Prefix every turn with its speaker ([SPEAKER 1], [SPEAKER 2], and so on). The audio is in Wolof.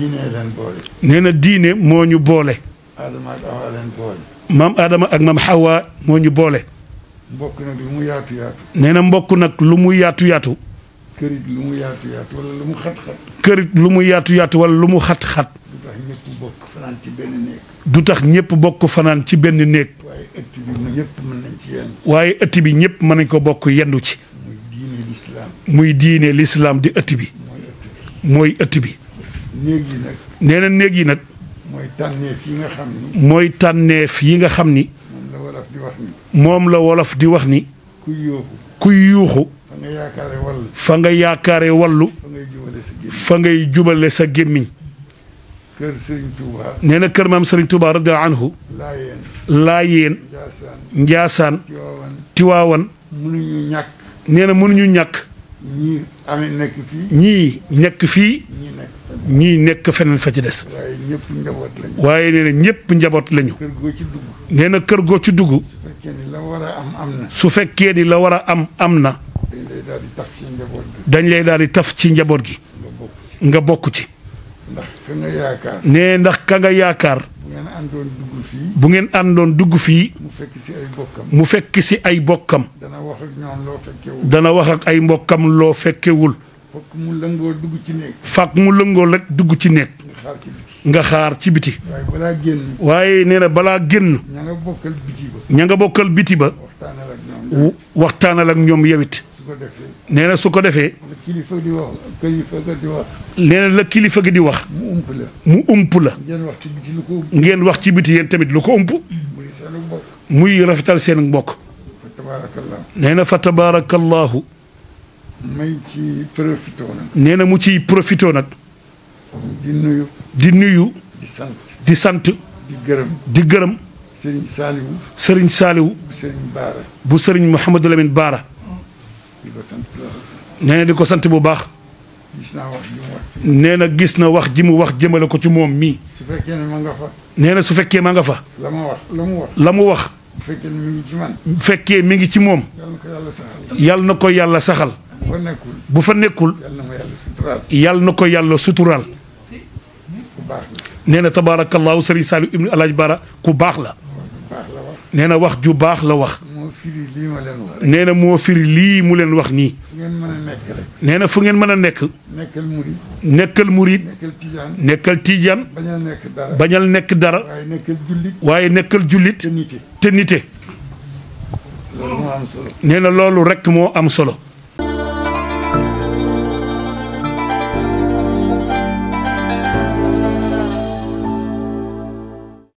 [SPEAKER 1] diine leen boole.
[SPEAKER 2] nee na diine moo ñu boole. Adama ak Adama ak maam Hawa moo ñu boole.
[SPEAKER 1] mbokk nag lu mu yaatu yaatu.
[SPEAKER 2] na mbokk nag lu mu yaatu yaatu. kërit lu mu yaatu yaatu wala lu mu xat-xat. du tax ñëpp bokk fanaan ci benn néeg.
[SPEAKER 1] waaye ëtt bi
[SPEAKER 2] ñëpp mën nañ ko bokk yendu ci. muy diine muy diine lislaam di ëtt bi. mooy ëtt bi.
[SPEAKER 1] néeg yi nag.
[SPEAKER 2] nee néeg yi nag.
[SPEAKER 1] mooy tànneef yi nga xam ni.
[SPEAKER 2] mooy tànneef yi nga xam ni.
[SPEAKER 1] moom la wolof di wax ni.
[SPEAKER 2] moom la wolof di wax ni. kuy yuuxu. kuy yuuxu. fa nga yaakaare wallu. fa ngay jubale sa gémmiñ. fa
[SPEAKER 1] kër nee
[SPEAKER 2] na kër maam Serigne Touba radiyallahu anhu. Laayeen. Laayeen. Njaasaan. Tiwaawan. mënuñu ñàkk. nee na mënuñu ñàkk. ñii amee nekk fii. ñii nekk ñii nekk feneen fa ci des. waaye ñëpp njaboot lañu. nee na ñëpp njaboot lañu. kër goo ci dugg. na kër goo ci dugg. su fekkee ni la war a am am na.
[SPEAKER 1] su fekkee ni la war a am am
[SPEAKER 2] na. dañ lay daal di taf ci njaboot gi. nga bokk ci.
[SPEAKER 1] ndax ka yaakaar. nee ndax
[SPEAKER 2] ka nga yaakaar. bu ngeen àndoon dugg fii. dugg fii. mu fekk si ay bokkam. mu dana wax ak ñoom wax ak ay mbokkam loo fekkewul.
[SPEAKER 1] fokk mu lëngoo dugg ci néeg.
[SPEAKER 2] mu lëngoo rek dugg ci néeg. nga xaar ci biti. waaye nee na balaa génn. ña nga
[SPEAKER 1] bokkal biti ba.
[SPEAKER 2] nga bokkal biti ba. waxtaanal ak ñoom yewit nee na su ko defee.
[SPEAKER 1] kilifa di wax
[SPEAKER 2] nee na la kilifa gi di wax. mu ump la. mu ump ngeen wax ci biti lu yéen tamit lu ko ump. muy rafetal seen mbokk. nee na fa tabaarakallahu
[SPEAKER 1] may ci profité
[SPEAKER 2] na mu ciy profité nag. di nuyu.
[SPEAKER 1] di sant. di di gërëm. di gërëm. Serigne Saliou.
[SPEAKER 2] Serigne Saliou. bu Serigne Baara. bu Baara. di di ko sant bu baax. gis nee na gis na wax ji mu wax jëmale ko ci moom mii. su na su fekkee maa nga fa.
[SPEAKER 1] la la mu wax.
[SPEAKER 2] la mu fekkee mi ngi ci man. bu moom. yal na ko yàlla saxal. bu fa nekkul bu fa nekkul. yàlla na ko yàlla suturaal. nee na tabaarakallaahu sëriñ Saliou ibnu Alaaji Bara ku baax la. nee na wax ju baax la wax. nee moo firi lii mu leen wax nii. nee na fu ngeen mën a nekk. nekkal murid. nekkal murid. bañal nekk dara. waaye nekkal jullit. te nite. loolu rekk moo am solo.